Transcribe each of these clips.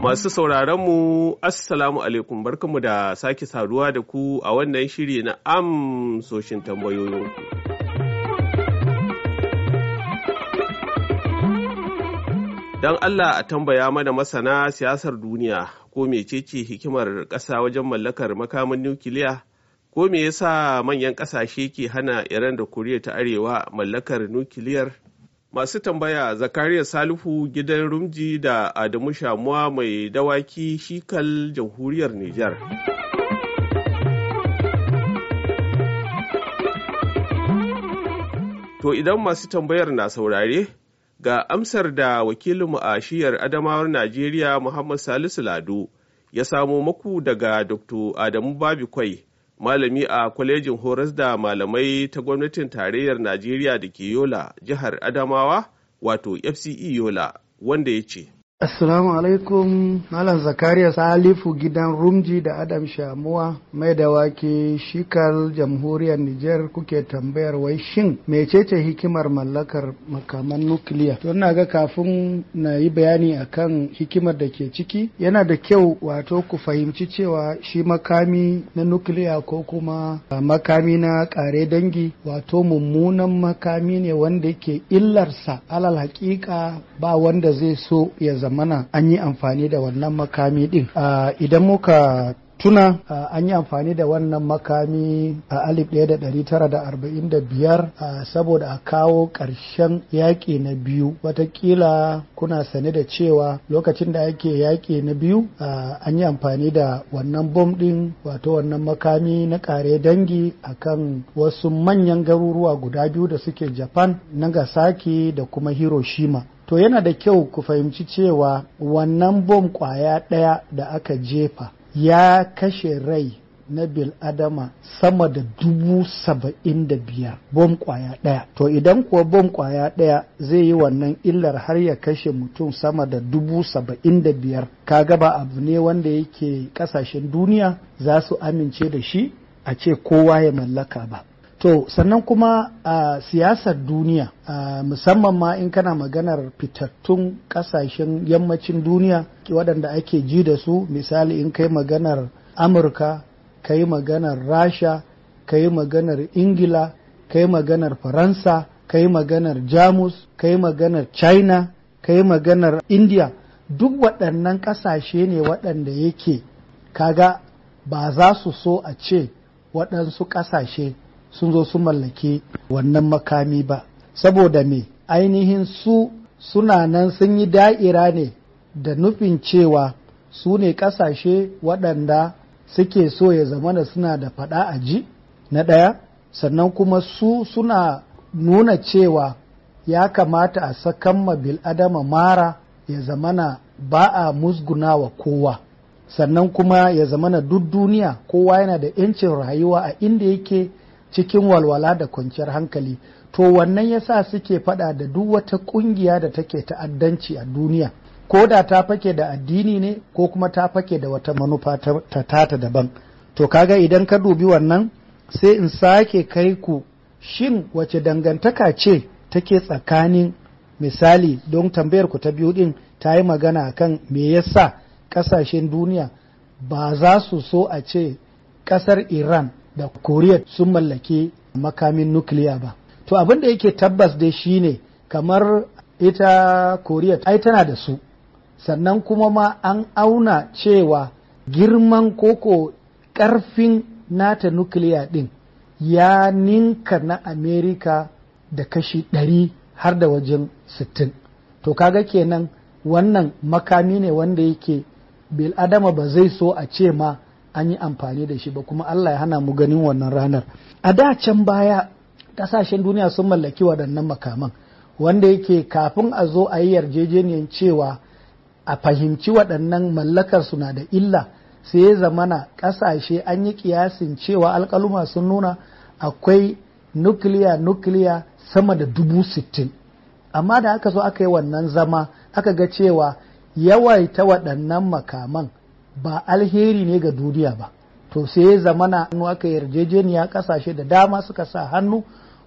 Masu sauraronmu, Assalamu alaikum barkanmu da sake saduwa da ku a wannan shiri na amsoshin tambayoyinku. Don Allah a tambaya mana masana siyasar duniya ko mecece hikimar ƙasa wajen mallakar makamin nukiliya? Ko me yasa manyan ƙasashe ke hana Iran da Koriya ta Arewa mallakar nukiliyar? Masu tambaya Zakariya Salihu gidan Rumji da Adamu Shamuwa mai dawaki shikal jamhuriyar Nijar. To idan masu tambayar na saurare, ga amsar da wakilinmu a shiyar Adamawar Najeriya Muhammad Salisu Lado ya samo maku daga Dr. Adamu Babikwai malami a kwalejin horas da malamai ta gwamnatin tarayyar Najeriya da ke Yola, jihar Adamawa, wato FCE Yola, wanda ya ce. Assalamu alaikum, Malam Zakariya Salifu gidan Rumji da Adam Shamuwa mai da wake shikal jamhuriyar Nijar kuke tambayar wai shin mecece hikimar mallakar makaman nukiliya. To ina ga kafin na yi bayani akan hikimar da ke ciki yana da kyau wato ku fahimci cewa shi makami na nukiliya ko kuma makami na kare dangi wato mummunan makami ne wanda ke illarsa alal hakika ba wanda zai so ya zama zamana an yi amfani da wannan makami din idan muka tuna an yi amfani da wannan makami a 1945 a saboda a kawo ƙarshen yaƙi na biyu watakila kuna sane da cewa lokacin da ake yaƙi na biyu an yi amfani da wannan bom ɗin wato wannan makami na ƙare dangi a kan wasu manyan garuruwa guda biyu da suke japan nagasaki da kuma hiroshima to yana da kyau ku fahimci cewa wannan bom kwaya ɗaya da aka jefa ya kashe rai na adama sama da dubu saba'in da biyar bom kwaya ɗaya to idan kuwa bom kwaya ɗaya zai yi wannan illar har ya kashe mutum sama da dubu saba'in da biyar kaga ba abu ne wanda yake ƙasashen duniya za su amince da shi a ce kowa ya mallaka ba to sannan kuma a siyasar duniya musamman ma in kana maganar fitattun kasashen yammacin duniya waɗanda ake ji da su misali in kai maganar amurka kai maganar rasha kai maganar ingila kai maganar faransa kai maganar jamus kai maganar china kai maganar india duk waɗannan ƙasashe ne waɗanda yake kaga ba za su so a ce waɗansu ƙasashe sun zo su mallaki wannan makami ba saboda me ainihin su suna nan sun yi da'ira ne da nufin cewa su ne ƙasashe waɗanda suke so ya zama zamana suna da faɗa a ji na ɗaya sannan kuma su suna nuna cewa ya kamata a sakamma bil'adama mara ya zamana ba a musgunawa kowa sannan kuma ya zamana duk duniya kowa yana da 'yancin rayuwa a inda yake cikin walwala da kwanciyar hankali to wannan yasa suke fada da duk wata kungiya da take ta'addanci a duniya ko da ta fake da addini ne ko kuma ta fake da wata manufa ta tata daban to kaga idan ka dubi wannan sai in sake kai ku shin wace dangantaka ce take tsakanin misali don tambayar ku ta biyu din ta yi magana kan me yasa ƙasashen duniya ba za su so a ce ƙasar iran da koriya sun mallaki makamin nukiliya ba to abin da yake tabbas dai shine kamar ita koriya ai tana da su sannan kuma ma an auna cewa girman koko karfin nata nukiliya din ya ninka na amerika da kashi ɗari har da wajen sittin to kaga kenan wannan makami ne wanda yake bil'adama ba zai so a ce ma an yi amfani da shi ba kuma Allah ya hana mu ganin wannan ranar a da can baya kasashen duniya sun mallaki waɗannan makaman wanda yake kafin a zo a yi yarjejeniyar cewa a fahimci waɗannan mallakar suna da illa sai ya zamana ƙasashe an yi ƙiyasin cewa alƙaluma sun nuna akwai nukiliya nukiliya sama da dubu sittin amma da aka so aka yi wannan zama aka ga cewa yawaita waɗannan makaman ba alheri ne ga duniya ba to sai ya zamana hannu aka yarjejeniya kasashe da dama suka sa hannu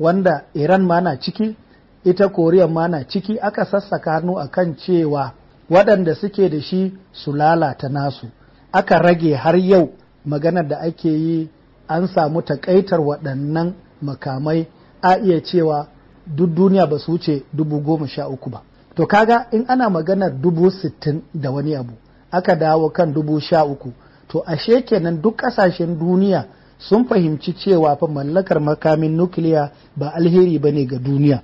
wanda iran ma na ciki ita koriya ma na ciki aka sassaka hannu a kan cewa waɗanda suke da shi su lalata nasu aka rage har yau maganar da ake yi an samu takaitar waɗannan makamai a iya cewa duk duniya ba su wuce dubu goma sha uku ba to kaga in ana maganar dubu sittin da wani abu aka dawo kan dubu sha uku to ashe kenan duk ƙasashen duniya sun fahimci cewa fa mallakar makamin nukiliya ba alheri ba ne ga duniya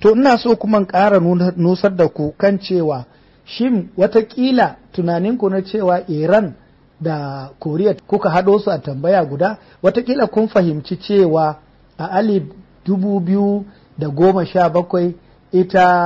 to ina so kuma ƙara nusar da ku kan cewa shin watakila tunaninku na cewa iran da koriya kuka haɗo su a tambaya guda watakila kun fahimci cewa a alif dubu biyu da goma sha bakwai ita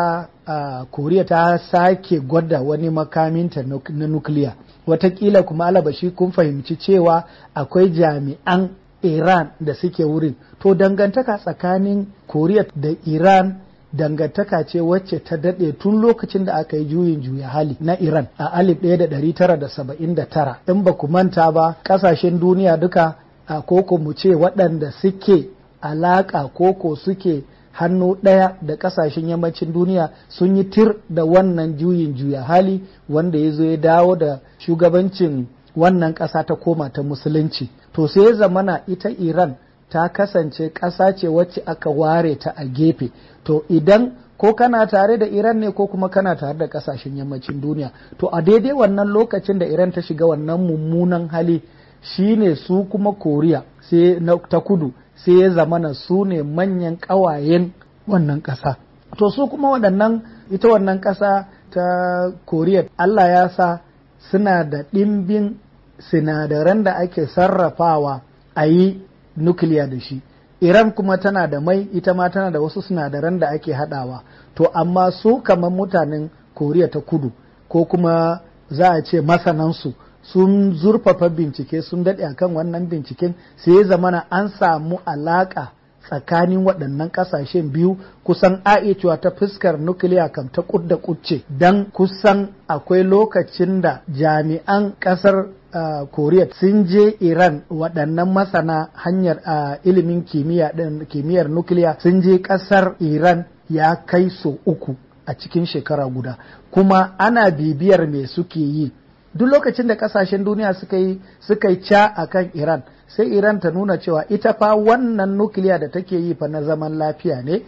koriya ta sake gwada wani makaminta na nukiliya watakila kuma alabashi kun fahimci cewa akwai jami'an iran da suke wurin to dangantaka tsakanin koriya da iran dangantaka ce wacce ta daɗe tun lokacin da aka yi juyin juya hali na Iran a 1979 in ba ku manta ba ƙasashen duniya duka a koko mu ce waɗanda suke alaƙa koko suke hannu ɗaya da ƙasashen yammacin duniya sun yi tir da wannan juyin juya hali wanda ya zo ya dawo da shugabancin wannan ƙasa ta koma ta musulunci to sai ya zamana ita iran ta kasance ƙasa ce wacce aka ware ta a gefe to idan ko kana tare da Iran ne ko kuma kana tare da ƙasashen yammacin duniya to a daidai wannan lokacin da Iran ta shiga wannan mummunan hali shine su kuma koriya ta kudu sai ya zamana su ne manyan ƙawayen wannan ƙasa to su kuma waɗannan ita wannan ƙasa ta koriya allah ya sa suna da ɗimbin sinadaran da ake sarrafawa a yi nukiliya da shi iran kuma tana da mai ita ma tana da wasu sinadaran da ake haɗawa to amma su kamar mutanen koriya ta kudu ko kuma za a ce masanansu sun zurfafa bincike sun daɗe a kan wannan binciken sai ya zamana an samu alaƙa tsakanin waɗannan ƙasashen biyu kusan cewa ta fuskar nukiliya kam ta da kucce don kusan akwai lokacin da jami'an ƙasar koriya sun je iran waɗannan masana hanyar a ilimin kimiyyar nukiliya sun je ƙasar iran ya kai so uku a cikin shekara guda kuma ana bibiyar me suke yi duk lokacin da kasashen duniya suka yi suka yi ca akan Iran sai Iran ta nuna cewa ita fa wannan nukiliya da take yi fa na zaman lafiya ne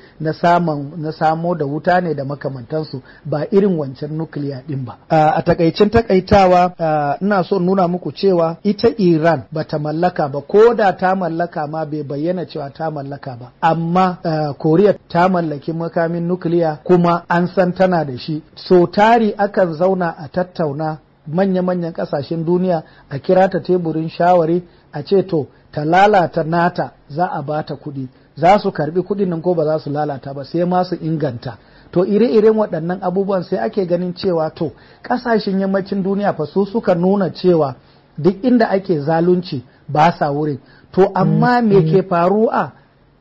na samo da wuta ne da makamantansu ba irin wancan nukiliya din ba a takaicin takaitawa ina so nuna muku cewa ita Iran ba ta mallaka ba ko da ta mallaka ma bai bayyana cewa ta mallaka ba amma Koriya ta mallaki makamin nukiliya kuma an san tana da shi so tari akan zauna a tattauna manya-manyan kasashen duniya a kira ta teburin shawari a ce to ta lalata nata za a bata kuɗi za su karbi kuɗin nan ko ba za su lalata ba sai ma su inganta to ire-iren waɗannan abubuwan sai ake ganin cewa to ƙasashen yammacin duniya fa su suka nuna cewa duk inda ake zalunci ba sa wurin to amma mm, me mm. ke faruwa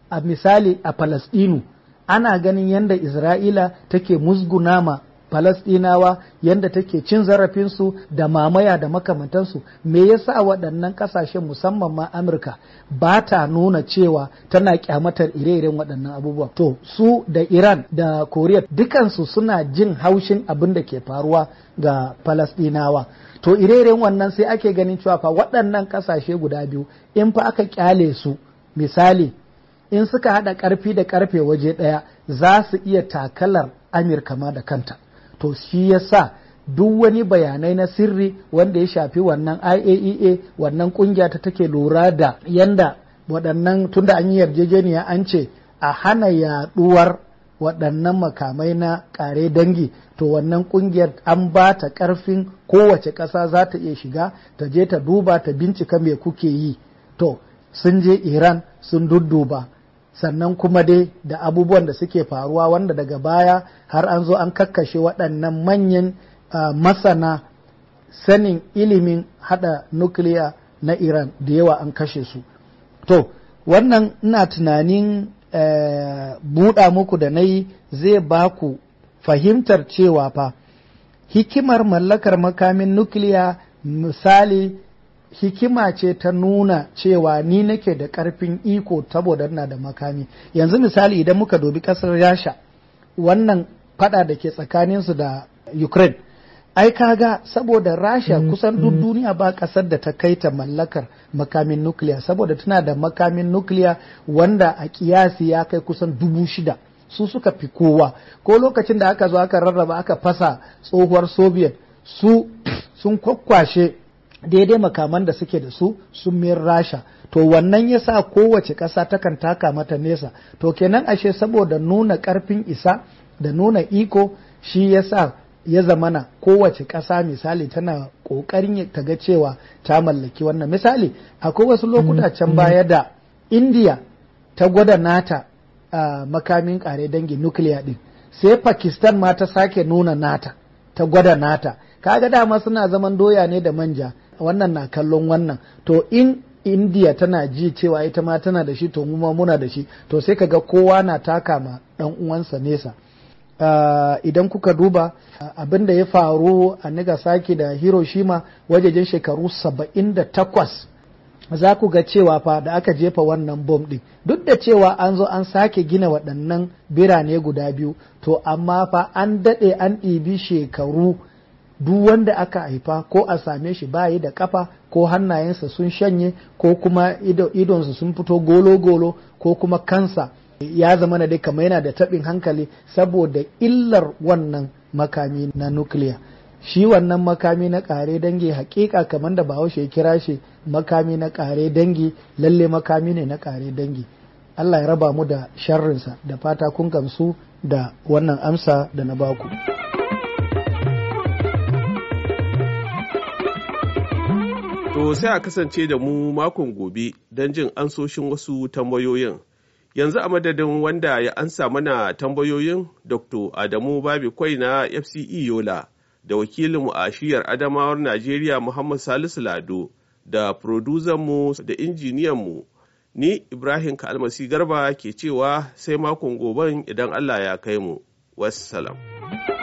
a misali a Falasɗinu ana ganin yadda Isra'ila take musguna ma Falasɗinawa yadda take cin zarafinsu da mamaya da makamantansu me yasa waɗannan ƙasashen musamman ma Amurka ba ta nuna cewa tana kyamatar ire-iren waɗannan abubuwa to su da Iran da Koriya dukansu suna jin haushin abin da ke faruwa ga Falasɗinawa to ire-iren wannan sai ake ganin cewa fa waɗannan ƙasashe guda biyu in fa aka kyale su misali in suka haɗa ƙarfi da ƙarfe waje ɗaya za su iya takalar Amurka ma da kanta. to shi yasa duk wani bayanai na sirri wanda ya shafi wannan IAEA e wannan kungiya ta take lura da yanda waɗannan tunda an yi yarjejeniya an ce a hana yaɗuwar waɗannan makamai na ƙare dangi to wannan ƙungiyar an ba ta ƙarfin kowace ƙasa za ta iya shiga ta je ta duba ta bincika me kuke yi to sun je iran sun dudduba sannan kuma dai da abubuwan da suke faruwa wanda daga baya har an zo an kakkashe waɗannan manyan masana sanin ilimin hada nukiliya na iran da yawa an kashe su to wannan ina tunanin e, buɗa muku da na yi zai ba ku fahimtar cewa fa hikimar mallakar makamin nukiliya misali hikima ce ta nuna cewa ni nake da ƙarfin iko saboda na da makami yanzu misali idan muka dobi ƙasar yasha wannan fada da ke tsakaninsu da ukraine ai kaga saboda rasha mm, kusan duk mm. duniya ba kasar da ta kai ta mallakar makamin nukiliya saboda tana da makamin nukiliya wanda a kiyasi ya kai kusan dubu shida su suka fi kowa ko lokacin da aka zo aka rarraba aka fasa tsohuwar soviet su sun kwakwashe daidai makaman da suke da su sun miyar rasha to wannan ya sa kowace ƙasa takan taka mata nesa to kenan ashe saboda nuna ƙarfin isa da nuna iko shi ya sa ya zamana kowace ƙasa misali tana ƙoƙarin ta ga cewa ta mallaki wannan misali akwai wasu mm-hmm. lokuta can baya da indiya ta gwada nata a makamin ƙare dangi nukiliya ɗin sai pakistan ma ta sake nuna nata ta gwada nata kaga dama suna zaman doya ne da manja wannan na kallon wannan to in indiya tana ji cewa ita ma tana da shi to mu ma muna da shi to sai kaga kowa na taka ma dan uwansa nesa uh, idan kuka duba uh, abin da ya faru a nagasaki da hiroshima wajejen shekaru 78 za ku ga cewa fa da aka jefa wannan bom ɗin duk da cewa an zo an sake gina waɗannan birane guda biyu to amma fa an daɗe an ɗibi shekaru duk wanda aka haifa ko a same shi bayi da kafa ko hannayensa sun shanye ko kuma idonsa sun fito golo-golo ko kuma kansa ya zama na dai kamar yana da taɓin hankali saboda illar wannan makami na nukiliya shi wannan makami na ƙare dangi hakika kamar da bahaushe ya kira shi makami na ƙare dangi lalle makami ne na ƙare dangi Allah ya raba mu da sharrinsa da fata kun gamsu da wannan amsa da na baku. To sai a kasance da mu makon gobe don jin ansoshin wasu tambayoyin. Yanzu a madadin wanda ya ansa mana tambayoyin Dr. Adamu Babi Kwai na FCE Yola da wakilinmu a shiyar Adamawar Najeriya Muhammad Salisu Lado da mu da injiniyanmu ni Ibrahim Kalmasi Garba ke cewa sai makon goben idan Allah ya kai mu. Wassalam.